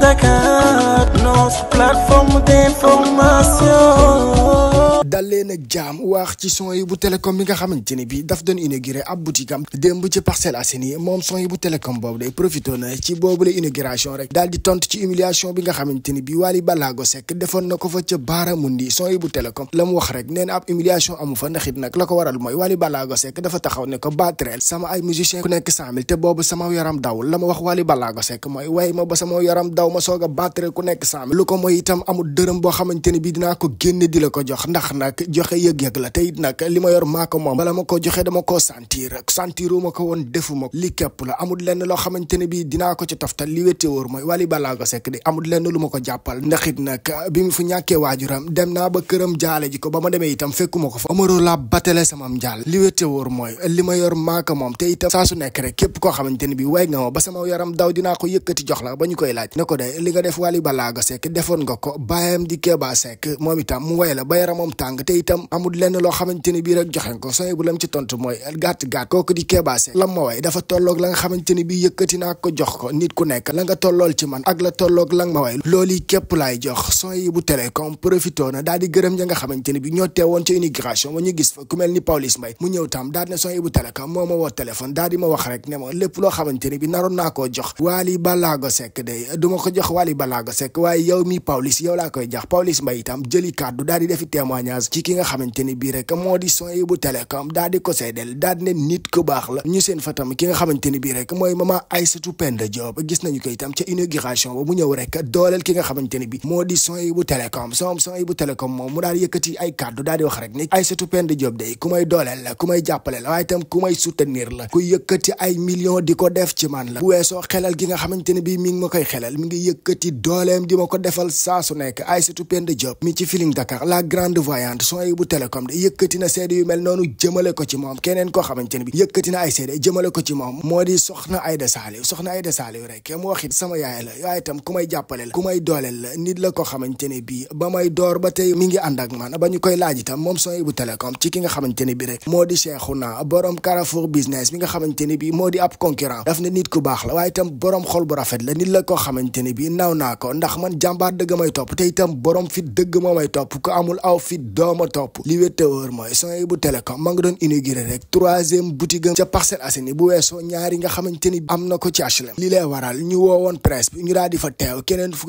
Dakar, notre plateforme d'information. dalleen ak jaam waax ci son yi bu télécom bi nga xamante ni bi daf doon inauguré ab boutique am démb ci Parcelles Assainies moom son yi bu télécom boobu day profité na ci boob la inauguration rek daal di tontu ci humiliation bi nga xamante ni bi Wally Ballago Seck defoon na ko fa ca Baaramundi son yi bu télécom la mu wax rek nee na ab humiliation amu fa ndax nag la ko waral mooy Wally Ballago Seck dafa taxaw ne ko baatreel sama ay musicien ku nekk cent mille te boobu sama yaram dawul la ma wax Wally Ballago Seck mooy way ma ba sama yaram daw yow ma ku nekk saam lu ko mooy itam amul dërëm boo xamante ne bi dinaa ko génne di la ko jox ndax nag joxe yëg-yëg la te it nag li ma yor maa ko moom bala ma ko joxe dama koo sentir sentiru ma ko woon defu ma li képp la amul lenn loo xamante ne bi dinaa ko ci toftal li wéte wóor mooy wali balaa ko sekk di amul lenn lu ma ko jàppal ndax it nag bi mu fu ñàkkee waajuram dem naa ba këram jaale ji ko ba ma demee itam fekkuma ko fa amaro la batale samam jaal li wéte wóor mooy ma yor maa ko moom te itam saa su nekk rek képp koo xamante ne bi way nga ma ba sama yaram daw dinaa ko yëkkati jox la ba laaj ne ko de li nga def Wally Ballago Seck defoon nga ko baayam di Keba moom itam mu way la ba yaramam te itam amul lenn loo xamante ni bii rek joxe yëkkati naa jox ko nit ku nekk la nga tollool ci man ma way loolu yi képp jox son bu télécom profitoo na daal gërëm ña nga xamante ni bi ñoo teewoon ca immigration gis fa ku ni Pawlish Mbaye mu ñëw tam daal ne bu télécom moo ma woo téléphone ma wax rek ne ma lépp loo xamante ni bi jox Wally ko jox Wally Ballago Seck waaye yow mi Pawlish yow laa koy jax Pawlish Mbaye itam jëli kàddu daal di defi témoignage ci ki nga xamante rek moo di Souhaïbou Télécom daal di ko seedeel daal moo mu daal yëkkati ay kàddu daal wax rek ni Aïssatou Penda Diop day ku may dooleel la ku may jàppale la waaye itam ku may soutenir la ku yëkkati ay millions di ko def ci la bu weesoo xelal gi nga xamante ni bi mi xelal mi di yëkkati dooleem di ma ko defal saa su nekk Aïssatou Penda Diop mi ci Feeling Dakar la grande voyante son yi bu télécom de yëkkati na seede yu mel noonu jëmale ci moom keneen koo xamante ne bi yëkkati na ay seede jëmale moo di soxna Aïda Saliou soxna Aïda Saliou rek mu wax sama yaay la yaay itam ku may jàppale la ku dooleel la nit la ko xamante ne bii ba may door ba tey mi ngi ànd ak man ba koy laaj itam moom son yi bu télécom ci ki nga xamante ne bi rek moo di Cheikhouna borom Carrefour business bi nga xamante ne bi moo di ab concurrent daf ne nit ne bii naw naa ko ndax man jàmbaar dëgg may topp te itam borom fit dëgg moo may topp ku amul aw fit dooma topp li wér te mooy sony bu bu weesoo bi ñu daal di fa teew keneen fu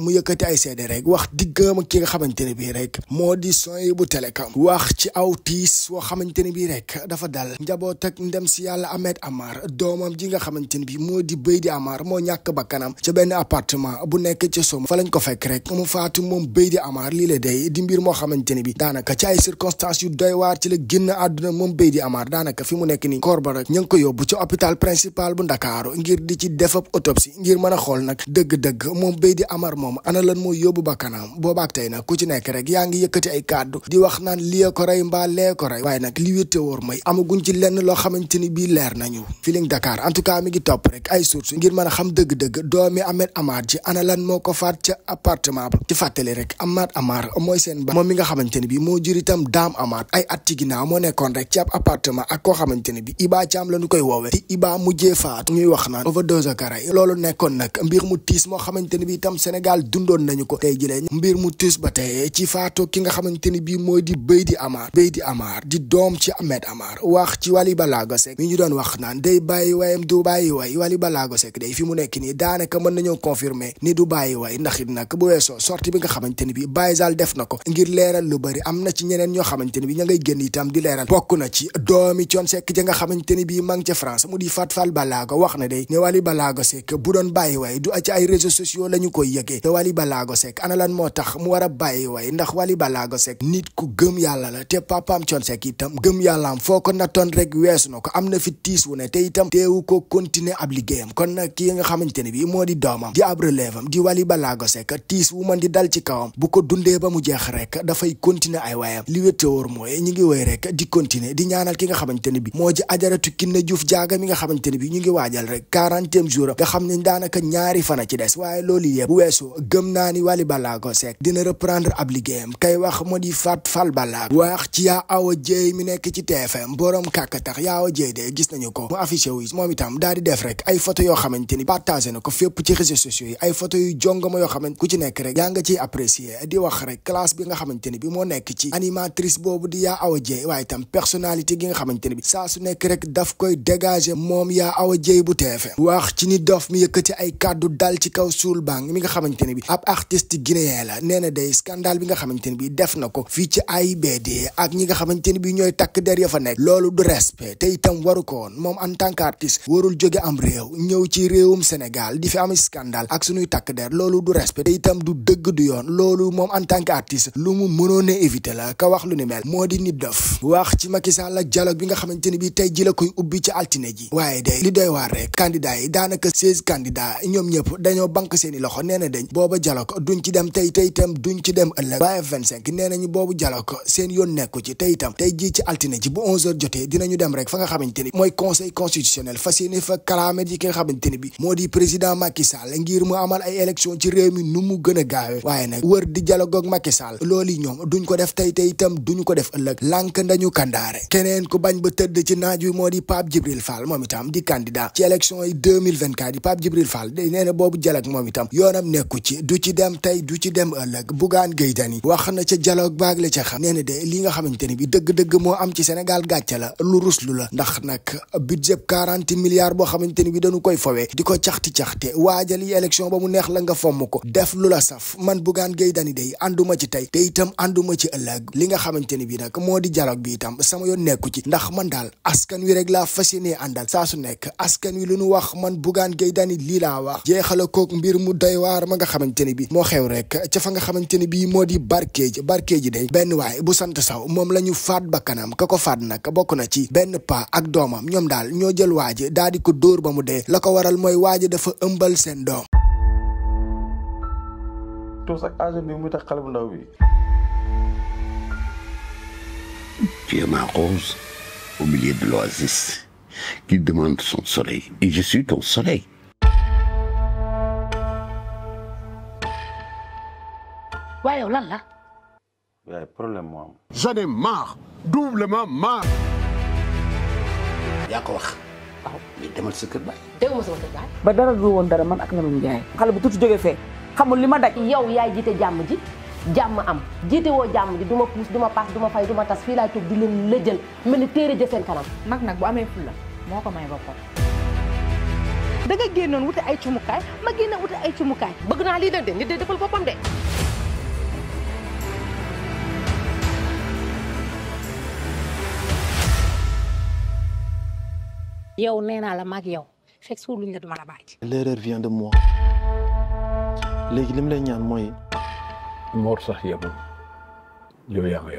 mu yëkkati ay seede rek wax diggam ak ki nga xamante ne bii rek moo di sony bu télécom wax ci aw tiis woo xamante ne bii rek dafa dal njaboot ak ndem si yàlla Ahmed Amar doomam ji nga xamante xamante ni bi moo di Beydi Amar moo ñàkk bakkanam ca benn appartement bu nekk som fa lañ ko fekk rek mu faatu moom Beydi Amar lii la day di moo xamante ni bi daanaka ci ay circonstances yu doy waar ci la génn àdduna moom Beydi Amar daanaka fi mu nekk ni corps ba rek ñu ngi ko yóbbu ca hôpital principal bu ngir di ci defab autopsie ngir mën a xool nag dëgg-dëgg moom Beydi Amar moom ana lan moo yóbbu bakkanam boobaak tey nag ku ci nekk rek yaa ngi yëkkati ay kàddu di wax naan lii ko rey mbaa lee ko rey waaye nag li wétte wóor mooy amaguñ ci lenn loo xamante ni bii leer nañu Feeling Dakar en tout mi ngi topp rek ay a xam dëgg-dëgg doomi Ahmed Amar ji ana lan moo ko faat ca appartement ba ci fàttali rek Ahmed Amar mooy seen ba moom mi nga xamante ne bi moo jur itam Dame Amar ay at ci ginnaaw moo nekkoon bi Iba Thiam la ñu koy Iba mujjee faatu ñuy wax naan overdose akaray loolu nekkoon nag mbir mu tiis moo xamante ne bi itam Sénégal dundoon nañu ko tey jëlee mbir mu tiis ba tey ci faatu ki nga xamante ne bi mooy di Beydi Amar Beydi di doom ci Ahmed Amar wax ci Wally Ballago Seck mi ñu doon wax naan day bàyyi waayam Dubaay bàyyi waay Wally Ballago Seck day fi mu nekk nii daanaka mën nañoo confirmer ni du bàyyi waay ndax it nag bu weesoo sortie bi nga bi Baye Zal def na ko ngir leeral am na ci ñeneen ñoo xamante bi ña ngay génn di leeral bokk na ci doomi Thione Seck ja bi ma ngi France mu di Fat Fall Ballago wax na day ne Wally Ballago Seck bu doon bàyyi du ci ay réseaux sociaux la ñu koy yëgee te Wally Ballago Seck ana lan mu war a bàyyi waay continuer ab liggéeyam kon nag kii nga xamante ne bi moo di doomam di ab relève am di Wally Ballago Seck tiis wu man di dal ci kawam bu ko dundee ba mu jeex rek dafay continuer ay waayam li wéttéwoor mooy ñi ngi woy rek di continuer di ñaanal ki nga xamante ne bi moo ji ajaratu Kiné Diouf Diaga mi nga xamante ne bi ñu ngi waajal rek quarantième jour nga xam ne daanaka ñaari fana ci des waaye loolu yëpp bu weesu gëm naa ni Wally Ballago di Fat Fall Ballago daal di def rek ay photo yoo xamante ni partagé na ko fépp ci réseaux sociaux yi ay photo yu jongama yoo xamante bi mi yëkkati ay kàddu dal ci bi ab artiste guinéen la nee na day scandale bi nga xamante ni bi def na ko fii ci AIBD ak ñi nga xamante bi ñooy takk der fa nekk loolu du respect te itam waru jóge am réew ñëw ci réewum Sénégal di fi am scandale ak suñuy takk der loolu du respect te itam du dëgg du yoon loolu moom en tant que artiste lu mu mënoon a la ka wax lu ni mel moo di nit dof wax ci Macky Sall ak dialogue bi nga xamante ni bi tey ji la koy ubbi ci altine ji waaye day li doy waar rek candidat yi daanaka seize candidats ñoom ñëpp dañoo bank seeni loxo nee na dañ booba dialogue duñ ci dem tey tey itam duñ ci dem ëllëg waaye vingt cinq nee nañu boobu dialogue seen yoon nekku ci tey itam tey ji ci altine ji bu onze heures jotee dinañu dem rek fa nga xamante ni mooy conseil constitutionnel fas yéene dafa kalaame ji ki nga xamante ne bi moo di président Macky Sall ngir mu amal ay élection ci réew nu mu gën a gaawe waaye nag wër di dialogue ak Macky Sall loolu ñoom duñ ko def tey tey itam duñu ko def ëllëg lànk ndañu kandaare keneen ko bañ ba tëdd ci naaj wi moo di Pape Djibril Fall moom itam di candidat ci élection yi 2024 yi Pape Djibril Fall day nee na boobu dialogue moom itam yoonam nekku ci du ci dem tey du ci dem ëllëg Bougane Gueye Dany wax na ca dialogue baag la ca nee na de li nga xamante ne bi dëgg-dëgg moo am ci Sénégal gàcce la lu ruslu la ndax nag budget 40 milliards boo xamante ni bi danu koy fawee di ko caxti-caxte waajal yi élection ba mu neex ga nga fomm ko def lu la saf man Bougane Gueye Dany day ànduma ci tey te itam ànduma ci ëllëg li nga xamante ni bi nag moo di dialogue bi itam sama yoon nekku ci ndax man daal askan wi rek laa fas yéenee àndal saa su nekk askan wi lu nu wax man Bougane Gueye Dany lii laa wax jeexala kook mbir mu doy waar ma xamante ni bi moo xew rek fa nga xamante ni bi moo di barkeeji barkeeji day benn waay bu sant saw moom la ñu faat bakkanam ka ko faat nag bokk na ci benn pa ak doomam ñoom daal ñoo jël waaji daa door ba mu dee la ko waral mooy waa ji dafa ëmbal seen doom. tuus ak agent bi muy tax xale bu ndaw bi. Tu es ma rose au milieu de l'oasis qui demande son soleil et je suis soleil. waaw mais demal sa kër baay. dégguma sama kër ba dara du woon dara man ak Lamine Ndiaye. xale bu tuuti jógee fee xamul li ma daj. yow yaay jiite jàmm ji jàmm am jiite woo jàmm ji du ma puus du ma paas duma ma fay du tas fii laay toog di leen lëjël mel ni téere ja seen kanam. mag nag bu amee fulla moo ko may boppam. da nga génnoon wuti ay cumukaay ma génne wuti ay cumukaay. bëgg naa lii leen de nit de defal boppam de. yow nee naa la maag yow fekk su luñ la duma la bàyyi. l'erreur vient de moi léegi li mu lay ñaan mooy. Mor sax yemul yaa ngi